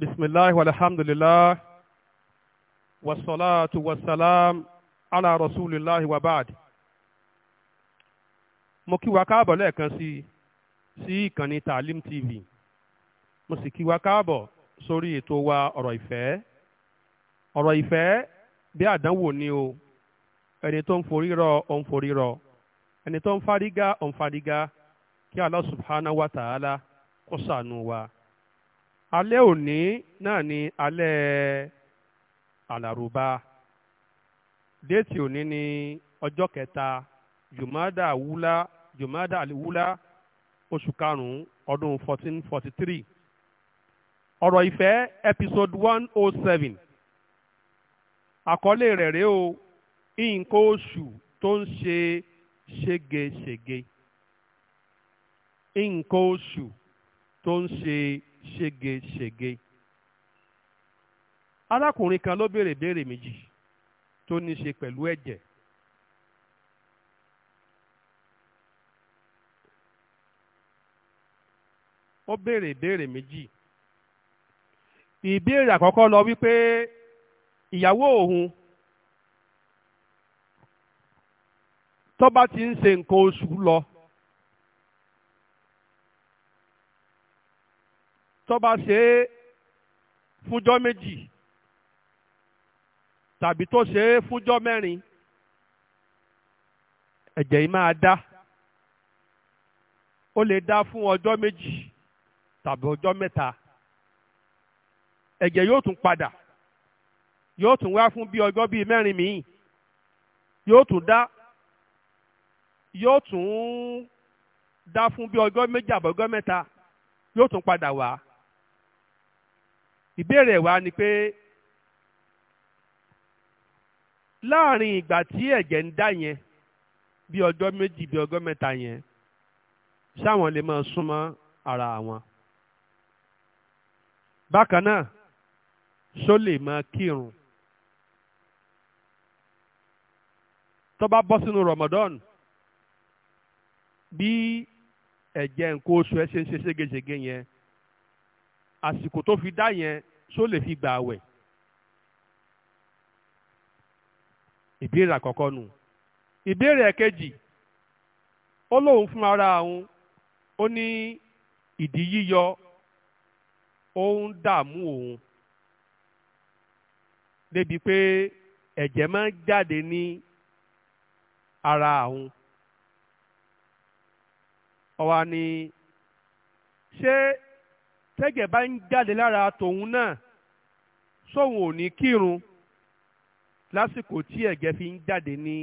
بسم الله والحمد لله والصلاة والسلام على رسول الله وبعد mo kí wa káàbọ̀ lẹ́ẹ̀kan sí sí ìkànnì Taalim TV mo sì kí wa káàbọ̀ sórí ètò wa ọ̀rọ̀ ìfẹ́ ọ̀rọ̀ ìfẹ́ bí àdánwò ni o ẹni tó ń forírọ ó ń forírọ ẹni tó ń fárígá ó ń fárígá kí Allah subhanahu wa ta'ala kó ṣàánú wa. alẹ́ òní náà ni alẹ́ àlàrúbá déètì òní ni ọjọ́ kẹta jùmọ́dà wúlá jùmọ́dà oṣù karùn-ún ọdún fourteen forty three ọ̀rọ̀ ìfẹ́ episode one oh seven àkọlé rẹ̀ rèé o nǹkan oṣù tó ń ṣe nǹkan oṣù tó ń ṣégeṣége arákùnrin kan ló béèrè béèrè méjì tó ní ṣe pẹ̀lú ẹ̀jẹ̀ ó béèrè béèrè méjì ìbéèrè àkọ́kọ́ lọ wípé ìyàwó òun tó bá ti ń se nǹkan oṣù lọ tó bá ṣe é fúnjọ́ méjì tàbí tó ṣe é fúnjọ́ mẹ́rin ẹ̀jẹ̀ yìí máa dá ó lè dá fún ọjọ́ méjì tàbí ọjọ́ mẹ́ta ẹ̀jẹ̀ yóò tún padà yóò tún wá fún bí ọjọ́ bíi mẹ́rin míì yóò tún dá yóò tún dá fún bí ọjọ́ méjì àbọ̀gọ́ mẹ́ta yóò tún padà wá ìbéèrè wa ni pé láàrin ìgbà tí ẹ̀jẹ̀ ń dà yẹn bí ọjọ́ méjì bí ọjọ́ mẹ́ta yẹn sáwọn lè máa súnmọ́ ara àwọn. bákan náà ṣó lè máa kírun. tó bá bọ́ sínú Ramadan bí ẹ̀jẹ̀ nǹkan oṣù ẹ̀ ṣe ń ṣe ségesège yẹn àsìkò tó fi dá yẹn ṣó lè fi gbà àwẹ̀ ìbéèrè àkọ́kọ́ nù ìbéèrè ẹ̀kejì ó lóun fún ara òun ó ní ìdí yíyọ ó ń dààmú òun débi pé ẹ̀jẹ̀ máa ń jáde ní ara òun ó wá ṣé tẹ́gẹ̀ bá ń jáde lára tòun náà sóun ò ní kírun lásìkò tí ẹ̀gẹ́ fi ń jáde ní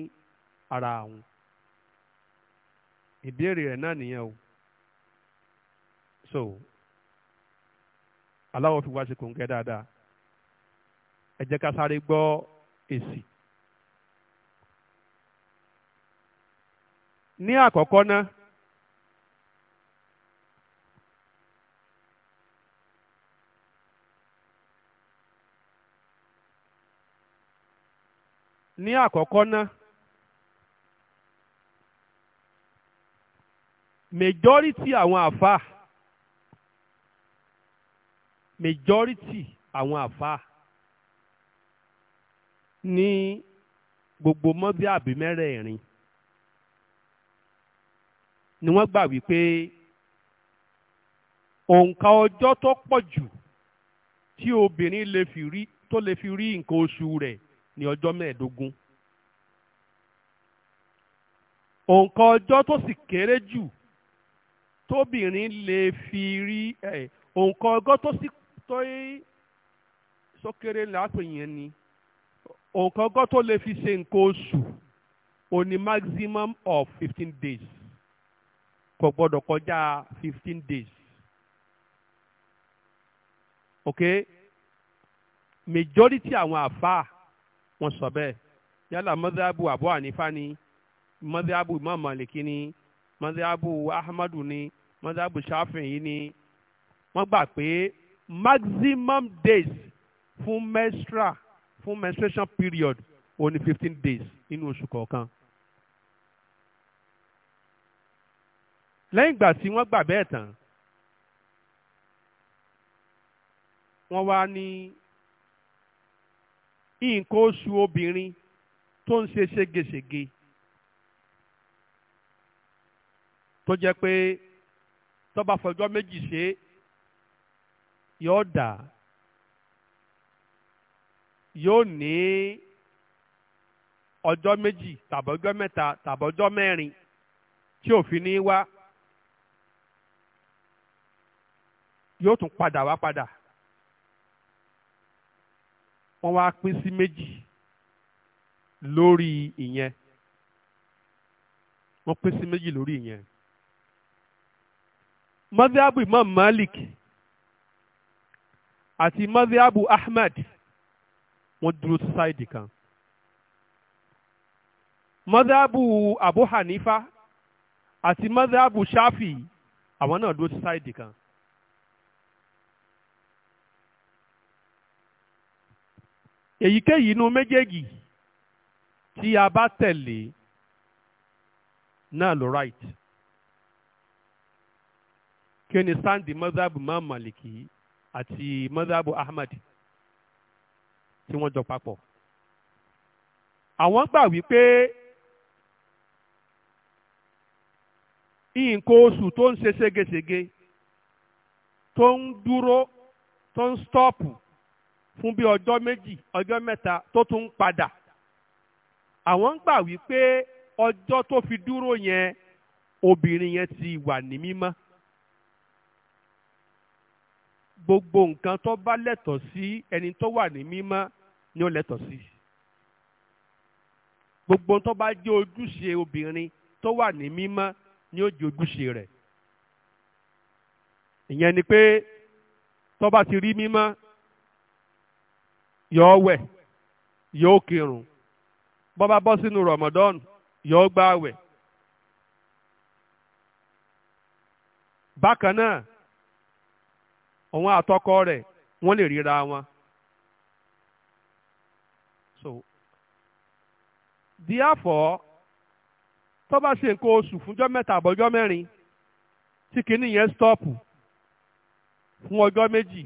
ara àwọn ìbéèrè rẹ̀ náà nìyẹn o so aláwọ̀ fi wá sí kòńgẹ́ dáadáa ẹ jẹ́ ká sáré gbọ́ èsì. ní àkọ́kọ́ náà ní àkọ́kọ́ ná majority àwọn àfáà majority àwọn àfáà ní gbogbo mọ́bí àbí mẹ́rẹ̀ẹ̀rin ni wọ́n gbà wípé òǹkà ọjọ́ tó pọ̀ jù tí obìnrin lè fi rí tó lè fi rí nǹkan oṣù rẹ̀ ní ọjọ́ mẹ́ẹ̀ẹ́dógún òǹkà ọjọ́ tó sì kéré jù tóbìnrin lè fi rí ẹ̀ òǹkà ọjọ́ tó sì tó sókèrè lápè yẹn ni òǹkà ọjọ́ tó lè fi ṣe nǹkan oṣù ó ní maximum of fifteen days kò gbọ́dọ̀ kọjá fifteen days ok majority àwọn àfáà wọ́n sọ bẹ́ẹ̀ yálà mọ́sáàbù àbọ̀ ànífà ni mọ́sáàbù imam maliki ni mọ́sáàbù ahmadu ni mọ́sáàbù shafi'i ni wọ́n gbà pé maximum days fún menstrua fún menstruation period ó ní fifteen days nínú oṣù kọ̀ọ̀kan. lẹ́yìn ìgbà tí wọ́n gbà bẹ́ẹ̀ tán wọ́n wá ní nǹkan oṣù obìnrin tó ń ṣe ségesège tó jẹ́ pé tó bá fọjọ́ méjì ṣe yóò dà yóò ní ọjọ́ méjì tàbọ̀jọ́ mẹ́ta tàbọ̀jọ́ mẹ́rin tí òfin ní wá yóò tún padà wá padà wọ́n wá pín sí méjì lórí ìyẹn wọ́n pín sí méjì lórí ìyẹn. mọ́síábù imam malik àti mọ́síábù ahmed wọ́n dúró sáìdì kan. mọ́síábù abu hanifa àti mọ́síábù shafi àwọn náà dúró sí sáìdì kan. èyíkéyìí inú méjèèjì tí a bá tẹ̀lé náà ló right kí ni sandi mọ́sáàbù mamaliki, màlìkì àti mọ́sáàbù ahmad tí wọ́n jọ papọ̀ àwọn gbà wípé nǹkan oṣù tó ń ṣe ségesège tó ń dúró tó ń stọ́ọ̀pù fún bí ọjọ́ méjì ọjọ́ mẹ́ta tó tún ń padà àwọn ń gbà wípé ọjọ́ tó fi dúró yẹn obìnrin yẹn ti wà ní mímọ́ gbogbo nǹkan tó bá lẹ́tọ̀ọ́ sí ẹni tó wà ní mímọ́ ni ó lẹ́tọ̀ọ́ sí gbogbo tó bá jẹ́ ojúṣe obìnrin tó wà ní mímọ́ ni ó jẹ́ ojúṣe rẹ̀ ìyẹn ni pé tó ti rí mímọ́ yóò wẹ yóò kírun bó bá bọ́ sínú Ramadan yóò gbààwẹ̀. bákan náà òun àtọkọ rẹ wọn lè ríra wọn. so therefore tó bá ṣe nǹkan oṣù fúnjọ́ mẹ́ta àbọ̀jọ́ mẹ́rin tí kinní yẹn stọ́ọ̀pù fún ọjọ́ méjì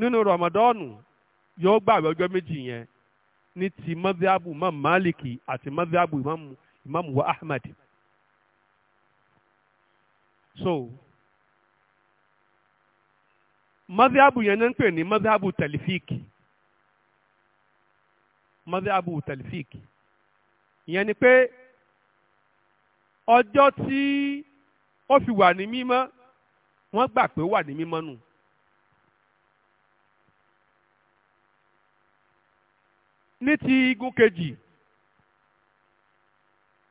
nínú rọmọdọ́ọ̀nù yóò gbààwẹ̀ ọjọ́ méjì yẹn ní ti mọ́síábù imam maliki àti mọ́síábù imam wa ahmed so mọ́síábù yẹn ń pè ní mọ́síábù tẹlifíìkì mọ́síábù tẹlifíìkì ìyẹn ni pé ọjọ́ tí ó fi wà ní mímọ́ wọ́n gbà pé ó wà ní mímọ́ nù. No ní ti igun kejì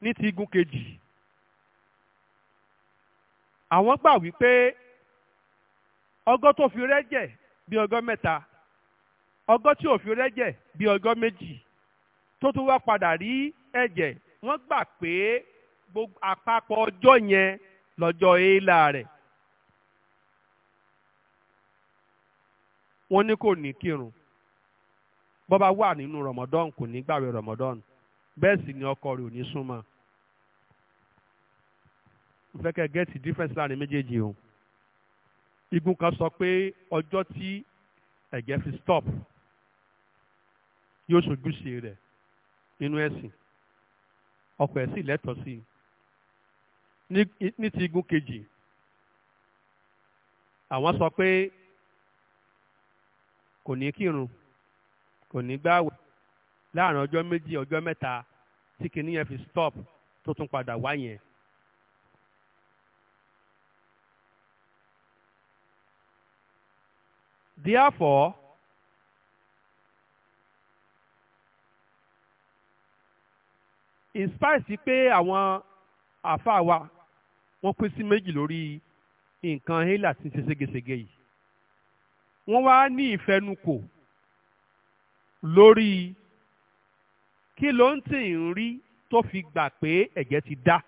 ní ti igun kejì àwọn gbà wípé ọgọ́ tó fi rẹ́jẹ̀ bí ọgọ́ mẹ́ta ọgọ́ tí ò fi rẹ́jẹ̀ bí ọgọ́ méjì tó tún wá padà rí ẹ̀jẹ̀ wọ́n gbà pé gbogbo àpapọ̀ ọjọ́ yẹn lọ́jọ́ èèlà rẹ̀ wọ́n ní kò ní kírun bó bá wà nínú rọmọdán kò ní gbàwẹ̀ rọmọdán bẹ́ẹ̀ sì ni ọkọ rẹ̀ ò ní súnmọ́ n gẹ́ẹ̀tì difference láàrin méjèèjì o igun kan sọ pé ọjọ́ tí ẹ̀jẹ̀ fi stop yóò ṣojúṣe rẹ̀ nínú ẹ̀sìn ọkọ ẹ̀ sì lẹ́tọ̀ọ́ sí i ní ti igun kejì àwọn sọ pé kò ní kírun kò ní gbààwẹ̀ láàrin ọjọ́ méjì ọjọ́ mẹ́ta tí kinní yẹn fi stop tó tún padà wá yẹn. therefore in spite sí pé àwọn àáfàá wa wọ́n pín sí méjì lórí nǹkan hélà tí ń ṣe ségesège yìí wọ́n wá ní ìfẹnukò lórí kí ló ń tì ń rí tó fi gbà pé ẹ̀jẹ̀ ti dá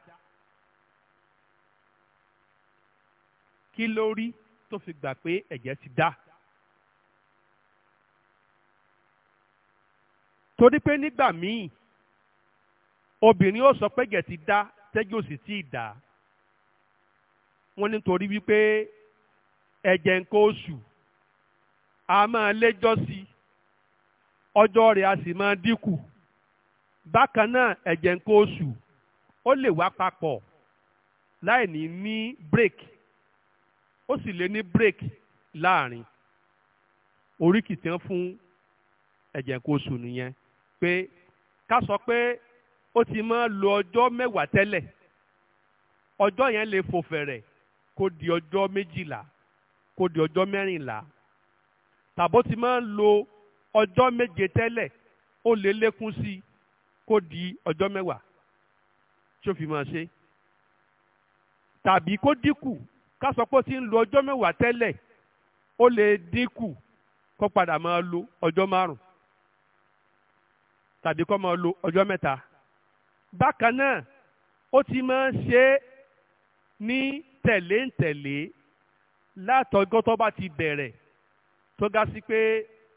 kí ló rí tó fi gbà pé ẹ̀jẹ̀ ti dá. torí pé nígbà míì obìnrin ó sọ pé ẹ̀jẹ̀ ti dá tẹ́jú ò sì tí ì dá wọ́n ní torí wípé ẹ̀jẹ̀ nǹkan oṣù a máa léjọ́ sí ọjọ́ rẹ̀ a sì máa dínkù bákan náà ẹ̀jẹ̀ nǹkan oṣù ó lè wá papọ̀ láì ní ní break ó sì lè ní break láàrin oríkì tán fún ẹ̀jẹ̀ nǹkan oṣù nìyẹn pé ká sọ pé ó ti máa lo ọjọ́ mẹ́wàá tẹ́lẹ̀ ọjọ́ yẹn lè fò fẹ̀rẹ̀ kó di ọjọ́ méjìlá kó di ọjọ́ mẹ́rìnlá tàbó ti máa lo ọjọ́ méje tẹ́lẹ̀ ó lè lékún sí i kó di ọjọ́ mẹ́wàá tí ó fi máa ṣe tàbí kó dínkù ká sọ pé ó ti ń lo ọjọ́ mẹ́wàá tẹ́lẹ̀ ó lè dínkù kó padà máa lo ọjọ́ márùn tàbí kó máa lo ọjọ́ mẹ́ta bákan náà ó ti máa ń ṣe é ní tẹ̀léǹtẹ̀lé látọjọ́ tó bá ti bẹ̀rẹ̀ tó ga sí pé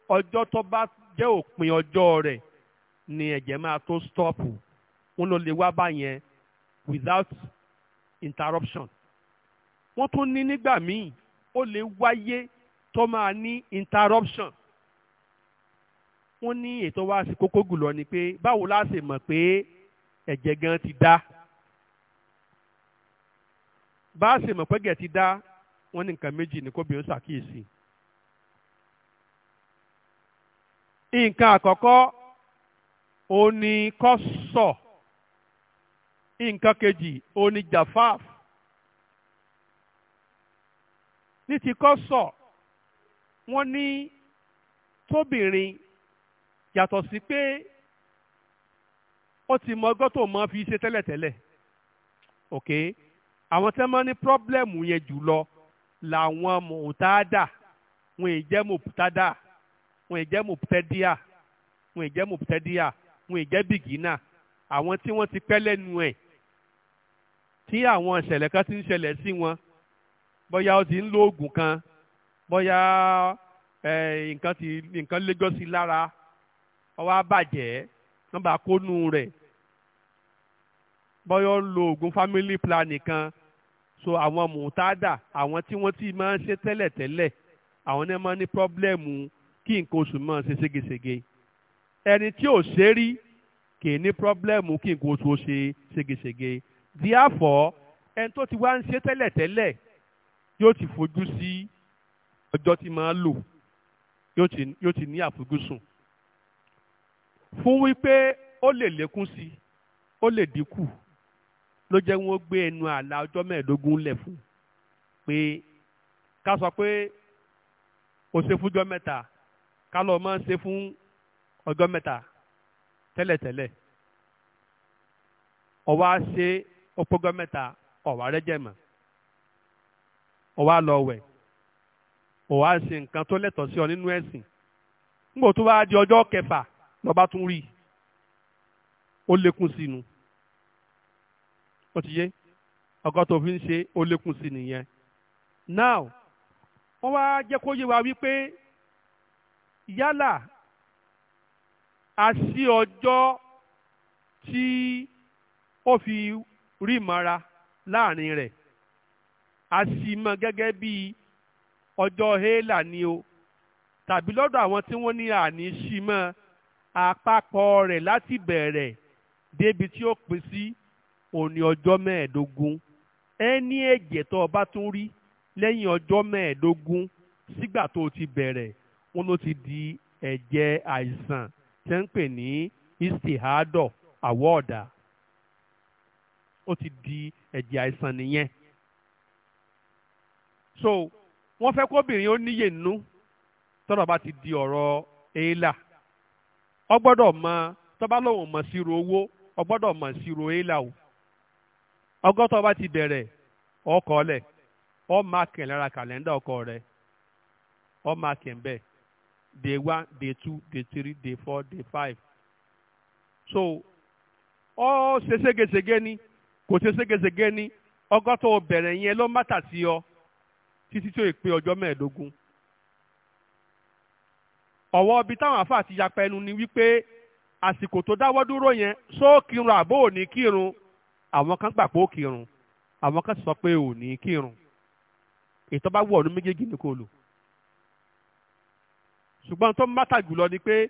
ọjọ́ tó bá jẹ́ òpin ọjọ́ rẹ̀ ni ẹ̀jẹ̀ máa tó stọ́ọ̀pù wọn ló lè wá báyẹn without interruption wọ́n tún ní nígbà míì ó lè wáyé tó máa ní interruption wọ́n ní ètò wa sí kókó gùlọ ni pé báwo la ṣe mọ̀ pé ẹ̀jẹ̀ gan ti dá bá a ṣe mọ̀ pé ẹ̀jẹ̀ ti dá wọ́n ní nǹkan méjì ni kóbìnrin ṣàkíyèsí nǹkan àkọ́kọ́ òní kọ́sọ̀ nǹkan kejì òní jafaf ní ti kọ́sọ̀ wọ́n ní tóbìnrin yàtọ̀ sí pé ó ti mọ ọgọ́ tó mọ fi ṣe tẹ́lẹ̀tẹ́lẹ̀ ok àwọn tẹ́ mọ́ ní pírọ́blẹ̀mù yẹn jùlọ làwọn mọ̀ọ́tàdà wọn ì jẹ́ mọ̀ọ́tàdà wọn ì jẹ́ mùtẹ́díà wọn ì jẹ́ mùtẹ́díà wọn ì jẹ́ bìgínà àwọn tí wọ́n ti pẹ́ lẹ́nu ẹ̀ tí àwọn ìṣẹ̀lẹ̀ kan ti ń ṣẹlẹ̀ sí wọn bóyá ó ti ń lo oògùn kan bóyá nǹkan ti nǹkan lẹ́gọ́sí lára ọwọ́ àbàjẹ́ nọ́mbà kónú rẹ̀ bóyá ó ń lo oògùn family plan kan so àwọn mùtádà àwọn tí wọ́n ti máa ń ṣe tẹ́lẹ̀tẹ́lẹ̀ àwọn náà máa ń ní pọ́blẹ́mù kí nǹkan oṣù máa ṣe ségesège ẹni tí ò ṣe rí kì í ní pírọ́blẹ́mù kí nǹkan oṣù ó ṣe ségesège díàfọ́ ẹni tó ti wá ń ṣe tẹ́lẹ̀tẹ́lẹ̀ yóò ti fojú sí ọjọ́ tí máa lò yóò ti ní àfojúsùn fún wípé ó lè lékún sí ó lè dínkù ló jẹ́ wọ́n gbé ẹnu àlà ọjọ́ mẹ́ẹ̀ẹ́dógún lẹ̀ fún pé ká sọ pé ó ṣe fúnjọ́ mẹ́ta ká lọ máa ṣe fún ọjọ́ mẹ́ta tẹ́lẹ̀tẹ́lẹ̀ ọwọ́ á ṣe ọpọgọ́ mẹ́ta ọ̀wá rẹ́jẹ̀ mọ́ ọwọ́ á lọ wẹ̀ ọwọ́ á ṣe nǹkan tó lẹ́tọ̀ọ́ sí ọ nínú ẹ̀sìn nígbà tó bá di ọjọ́ kẹfà lọ́ba tún rí ó lékún sí nu ó ti yé ọgọ́ tó fi ń ṣe ó lékún sí nìyẹn now wọ́n wá jẹ́ kó yé wa wípé yálà àṣì ọjọ́ tí ó fi rí mara láàrin rẹ̀ àṣì mọ̀ gẹ́gẹ́ bí ọjọ́ hélà ni o tàbí lọ́dọ̀ àwọn tí wọ́n ní àní ṣí mọ́ àpapọ̀ rẹ̀ láti bẹ̀rẹ̀ débi tí ó pín sí òní ọjọ́ mẹ́ẹ̀ẹ́dógún ẹni ẹ̀jẹ̀ tó o bá tún rí lẹ́yìn ọjọ́ mẹ́ẹ̀ẹ́dógún sígbà tó o ti bẹ̀rẹ̀ wọ́n ló ti di ẹ̀jẹ̀ àìsàn tẹ́ ń pè ní istihadọ̀ àwọ̀ọ̀dà ó ti di ẹ̀jẹ̀ àìsàn nìyẹn so wọ́n fẹ́ kóbìnrin ó níyè nínú tọ́rọ̀ bá ti di ọ̀rọ̀ éèlà ọ gbọ́dọ̀ mọ tọ́ba lòun mọ̀ síro owó ọ gbọ́dọ̀ mọ̀ síro éèlà o ọgọ́tọ̀ bá ti bẹ̀rẹ̀ ọkọ̀ ọlẹ̀ ọ máa kẹ̀ lára kàlẹ́ńdà ọkọ rẹ̀ ọ máa kẹ̀ ń day one day two day three day four day five so ọ ṣe ségesège ni kò ṣe ni ọgọ́tọ̀ bẹ̀rẹ̀ yẹn ló mátà sí ọ títí tó ìpè ọjọ́ mẹ́ẹ̀ẹ́dógún ọ̀wọ́ ibi táwọn àfa àti yapa ẹnu ni wípé àsìkò tó dáwọ́ dúró yẹn só kírun àbó ò ní kírun àwọn kan gbà pé ó kírun àwọn kan sọ pé ò ní kírun ètò bá wọ̀ ọ́nú méjèèjì ní kò lò ṣùgbọ́n tó mátà jùlọ ni pé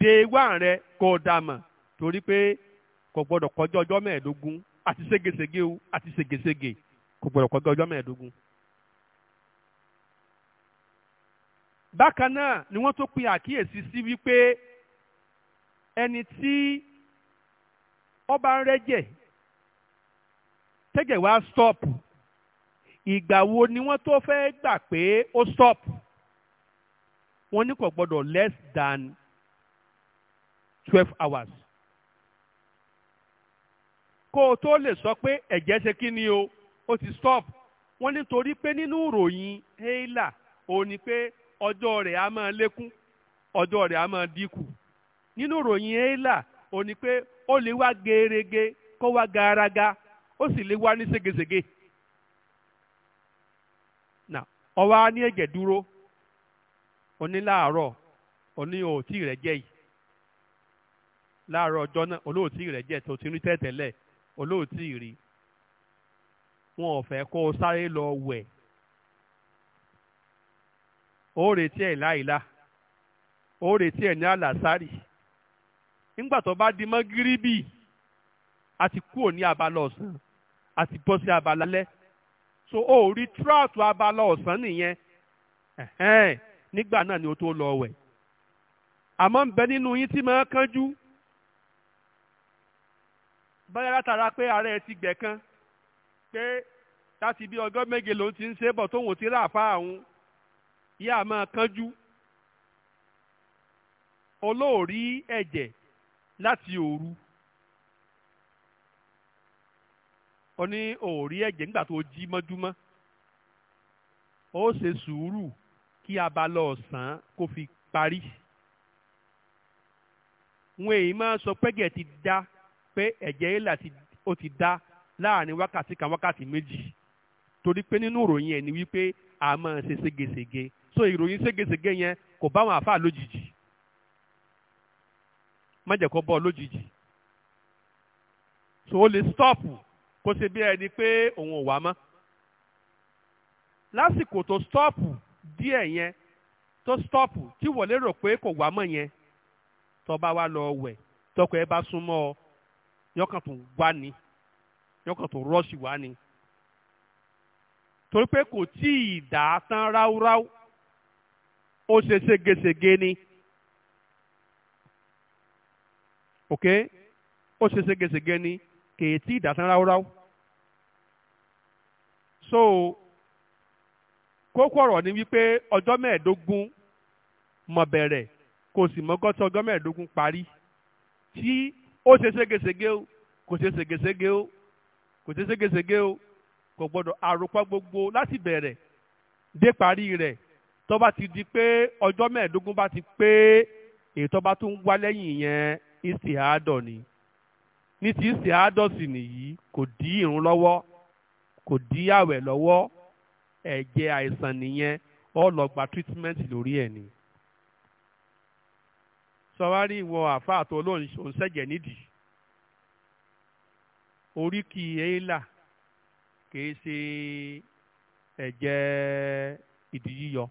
day one rẹ kò dà mọ̀ torí pé kò gbọ́dọ̀ kọjá ọjọ́ mẹ́ẹ̀ẹ́dógún àti ségesège o àti ségesège kò gbọ́dọ̀ kọjá ọjọ́ mẹ́ẹ̀ẹ́dógún. bákan náà ni wọ́n tó pe àkíyèsí sí wípé ẹni tí ọba ń rẹ́jẹ̀ tẹ́jẹ̀ wá stop ìgbà wo ni wọ́n tó fẹ́ gbà pé ó stop. wọ́n ní kò gbọ́dọ̀ less than twelve hours. kó o tó lè sọ pé ẹ̀jẹ̀ ṣe kí ni o ó ti stop wọ́n nítorí pé nínú ìròyìn hélà ò ní pé ọjọ́ rẹ̀ á máa lékún ọjọ́ rẹ̀ á máa dínkù nínú ìròyìn hélà ò ní pé ó lè wá gerege kó wá garaga ó sì lè wá ní ségesège. ọwọ́ á ní ẹ̀jẹ̀ dúró oníláàárọ̀ oní òtí rẹ̀ jẹ́ yìí láàárọ̀ ọjọ́ náà olóòtí rẹ̀ jẹ́ tó ti rí tẹ́tẹ́lẹ̀ olóòtí rí wọn ò fẹ́ kó o sáré lọ wẹ̀ ó retí ẹ̀ láìla ó retí ẹ̀ ní àlàsárì nígbà tó bá di mọ́ gíríbì a ti kúrò ní abala ọ̀sán a ti bọ́ sí abala lẹ́ so ó rí tíráàtù abala ọ̀sán nìyẹn nígbà náà ni o tó lọ wẹ̀ àmọ́ ń bẹ nínú yín tí máa kánjú báyà látara pé ara ẹ ti gbẹ̀ kan pé láti bí ọgọ́ méje ló ti ń ṣe bọ̀ tóun ò ti rà fá àwọn yá máa kánjú olóòrí ẹ̀jẹ̀ láti òru ó ní òòrí ẹ̀jẹ̀ nígbà tó jí mọ́júmọ́ ó ṣe sùúrù kí abala ọ̀sán kó fi parí. wọn èyí máa sọ pẹ́gẹ̀ ti dá pé ẹ̀jẹ̀ ìlà ó ti dá láàrin wákàtí kan wákàtí méjì torí pé nínú ìròyìn ẹ̀ ni wípé a máa ṣe ségesège so ìròyìn ségesège yẹn kò bá wọn àfáà lójijì má jẹ́ kó bọ́ lójijì so o lè stọ́ọ̀pù kó ṣe bí ẹni pé òun ò wá mọ́ lásìkò tó stọ́ọ̀pù díẹ̀ yẹn tó stọ́ọ̀pù tí wọ́n lérò pé kò wá mọ̀ yẹn tó bá wá lọ wẹ̀ tọkọ ẹ bá súnmọ́ ọ yọkàn tó wá ni yọkàn tó rọ́ọ̀ṣì wá ni torí pé kò tí ì dà á tán ráúráú ó ṣe ségesège ni ok ó ṣe ségesège ni kèétí ìdásán ráúráú so kókó ọ̀rọ̀ ni wípé ọjọ́ mẹ́ẹ̀ẹ́dógún mọ̀ bẹ̀rẹ̀ kò sì mọ́gọ́tì ọjọ́ mẹ́ẹ̀ẹ́dógún parí tí ó ṣe ségesège o kò ṣe ségesège o kò ṣe ségesège o kò gbọ́dọ̀ àròpọ̀ gbogbo láti bẹ̀rẹ̀ dé parí rẹ̀ tó bá ti di pé ọjọ́ mẹ́ẹ̀ẹ́dógún bá ti pé èyí tó bá tún wá lẹ́yìn yẹn ìsìádọ̀ ni ní ti ìsìádọ̀ sì nìyí kò dí ìrun lọ́wọ́ kò dí àwẹ̀ lọ́wọ́ ẹ̀jẹ̀ àìsàn nìyẹn ó lọ gba treatment lórí ẹ̀ ni. sọwárí ìwọ àfáà tó lóun ṣẹ̀jẹ̀ nídìí oríkì éélà kìí ṣe ẹ̀jẹ̀ ìdí yíyọ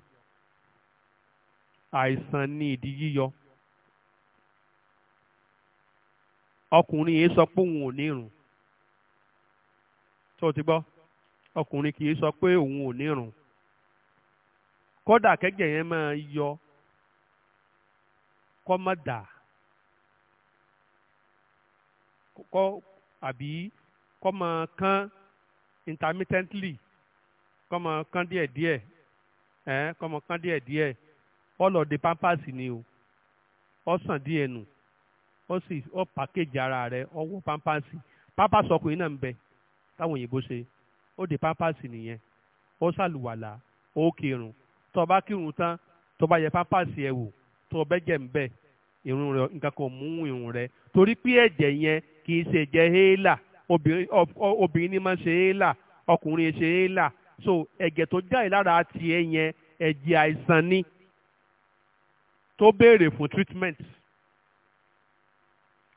àìsàn ni ìdí yíyọ ọkùnrin yìí sọ pé òun ò ní irun tó ti gbọ́. ọkùnrin kì í sọ pé òun ò nírun kódà yẹn máa yọ kó má dà àbí kó máa kán intermittently kó máa kán díẹ̀díẹ̀ ẹ̀ máa kán pampers ni o díẹ̀ nù sì ara pampers pampers ọkùnrin náà ó di pampasì nìyẹn ó ṣàlùwàlà ó kírun tó o bá kírun tán tó o bá yẹ pampasì ẹ wò tó o bẹ́jẹ̀ ń bẹ̀ irun rẹ nǹkan kan mú irun rẹ torí pé ẹ̀jẹ̀ yẹn kì í ṣe jẹ́ héélà obìnrin ni máa ń ṣe héélà ọkùnrin ṣe so ẹ̀jẹ̀ tó jáde lára tiẹ̀ yẹn ẹ̀jẹ̀ àìsàn ni tó béèrè fún treatment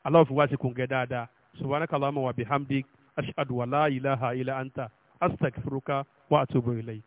aláwọ̀ fi wá sí dáadáa wa bihamdik ashhadu wa la ilaha illa anta. astaghfiruka wa atubu ilayk.